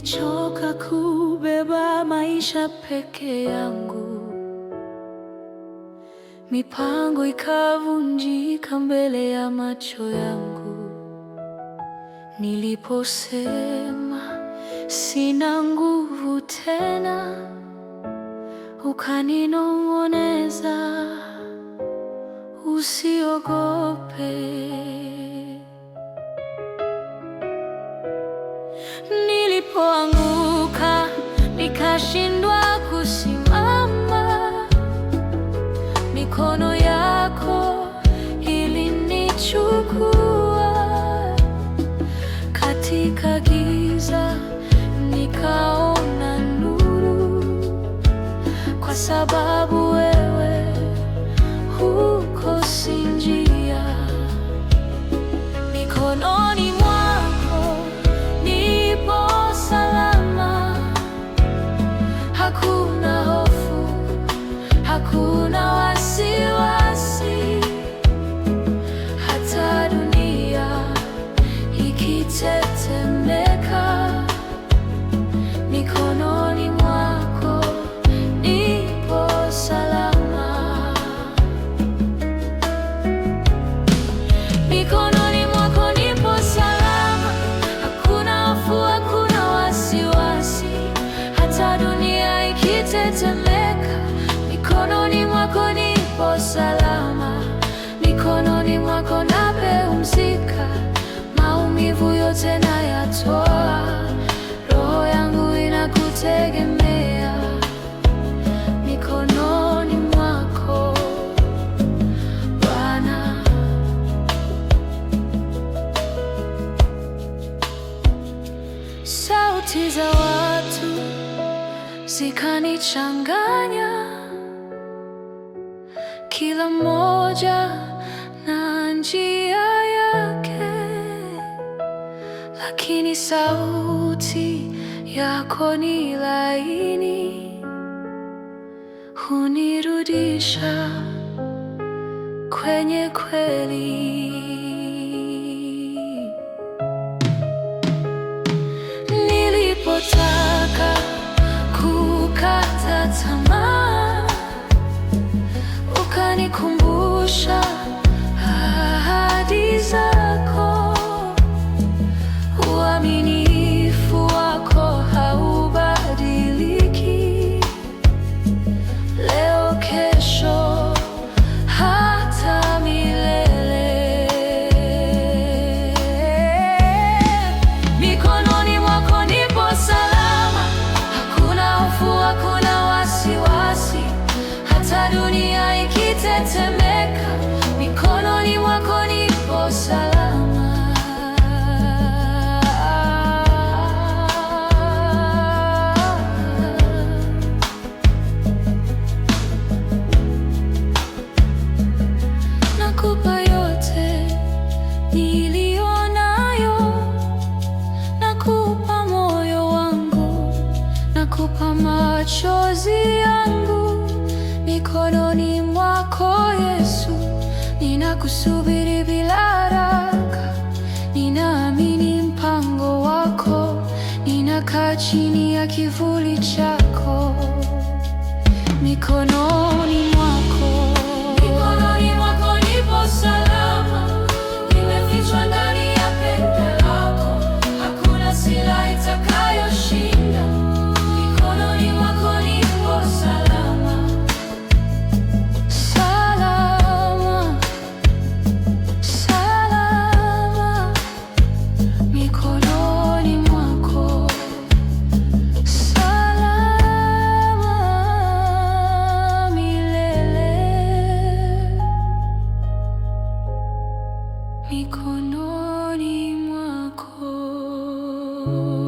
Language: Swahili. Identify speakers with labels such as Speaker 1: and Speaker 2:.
Speaker 1: Nilichoka kubeba maisha peke yangu, mipango ikavunjika mbele ya macho yangu. Niliposema sina nguvu tena, ukaninong'oneza, usiogope nilipoanguka nikashindwa kusimama, mikono yako ilinichukua katika giza, nikaona nuru, kwa sababu wewe huko kutegemea mikononi mwako Bwana, sauti za watu zikanichanganya, kila mmoja na njia yake, lakini sauti yako ni laini, hunirudisha kwenye kweli. Nilipotaka kukata tamaa machozi yangu mikononi mwako Yesu, ninakusubiri bila haraka, ninaamini mpango wako, ninakaa chini ya kivuli chako mikono Oh.